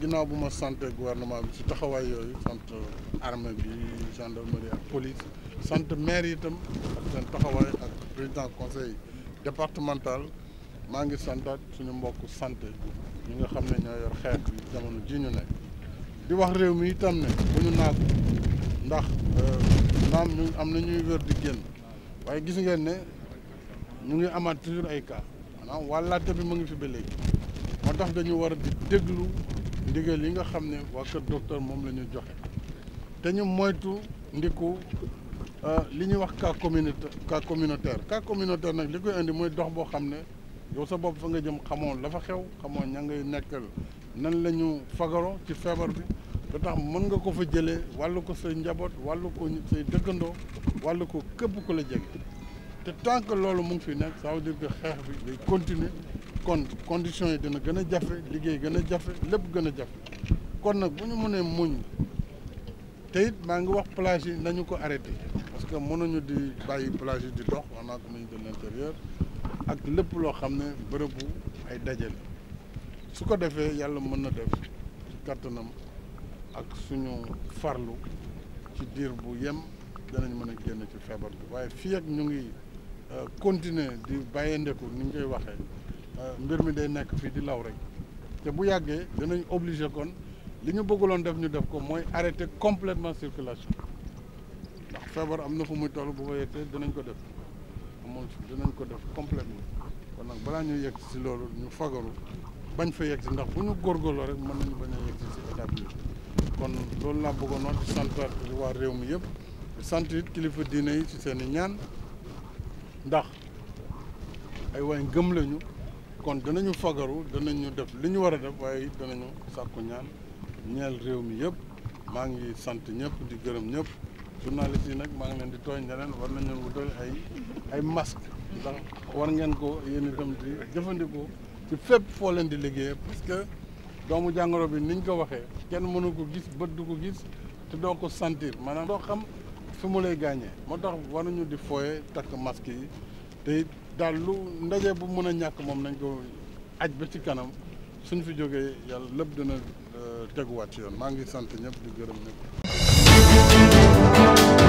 ginnaaw bu ma sant gouvernement bi ci taxawaay yooyu sant armée bi gendarmerie ak police sant maire itam ak seen taxawaay ak président conseil départemental maa ngi santaat suñu mbokk santé ñu nga xam ne ñoo yor xeet bi jamono ji ñu nekk di wax réew mi itam ne bu euh, ñu ndax naam am na ñuy wér di génn waaye gis ngeen ne ñu ngi amaat toujours ay cas maanaam wàllaate bi mu ngi fi ba léegi moo tax dañu war di déglu ndigal yi nga xam ne waa kër docteur moom la ñu joxe te ñu moytu ndiku euh, li ñuy wax kaa communautaire cas communautaire cas communautaire nag li koy indi mooy dox boo xam ne yow sa bopp fa nga jëm xamoon la fa xew xamoon ña ngay nekkal nan la ñu fagaro ci feebar bi ba tax mën nga ko fa jëlee wàllu ko say njaboot wàllu ko say dëggandoo wàllu ko képp ku la jege te tant que loolu mu ngi fi nekk ça veut dire xeex bi day continuer kon conditions yi dina gën a jafe liggéey gën a jafe lépp gën a jafe kon nag bu ñu mënee muñ te maa ngi wax plage yi nañu ko arrêté parce que nañu di bàyyi plage yi di dox wax naa ko ministre de l'intérieur ak lépp loo xam ne bërëb bu ay dajale su ko defee yàlla mën na def ci ak suñu farlu ci diir bu yem danañ mën a génn ci feebar bi waaye fii ak ñu ngi continuer di bàyyandeku ni ngi waxe waxee euh, mbir mi day nek fi di law rek te bu yagge dinañ obligé kon li ñu bëgguloon def ñu def ko moy arrêter complètement circulation ndax feebar am na fu muy tollu bu ko yeggee dinañ ko def amul dinañ ko def complètement kon nak bala ñu yegg ci lolu ñu fagaru bañ fa yegg si ndax bu ñu góorgóorloo rek mën nañu bañ a yegg ci état bi kon loolu laa bëggoon wax di sant waa réew mi yëpp di kilifa diine ci seen ñaan. ndax ay way ngëm lañu kon danañu fagaru ñu def li ñu war a def waaye it danañu sàkku ñaan ñeel réew mi yëpp maa ngi sant ñëpp di gërëm ñëpp journaliste yi nag maa ngi leen di tooñ ne leen war nañu wutal ay ay masque ndax war ngeen ko yéen itam di jëfandikoo ci fépp foo leen di liggéey parce que doomu jàngoro bi niñ ko waxee kenn mënu ko gis bët du ko gis te doo ko sentir maanaam doo xam fi mu lay gaañee moo tax waruñu di fooye takk masque yi te daal lu ndaje bu mën a ñàkk moom nañ ko aj ba ci kanam suñ fi jógee yàlla lépp dina euh, teguwaat ci yoon maa ngi sant ñëpp di gërëm ñëpp.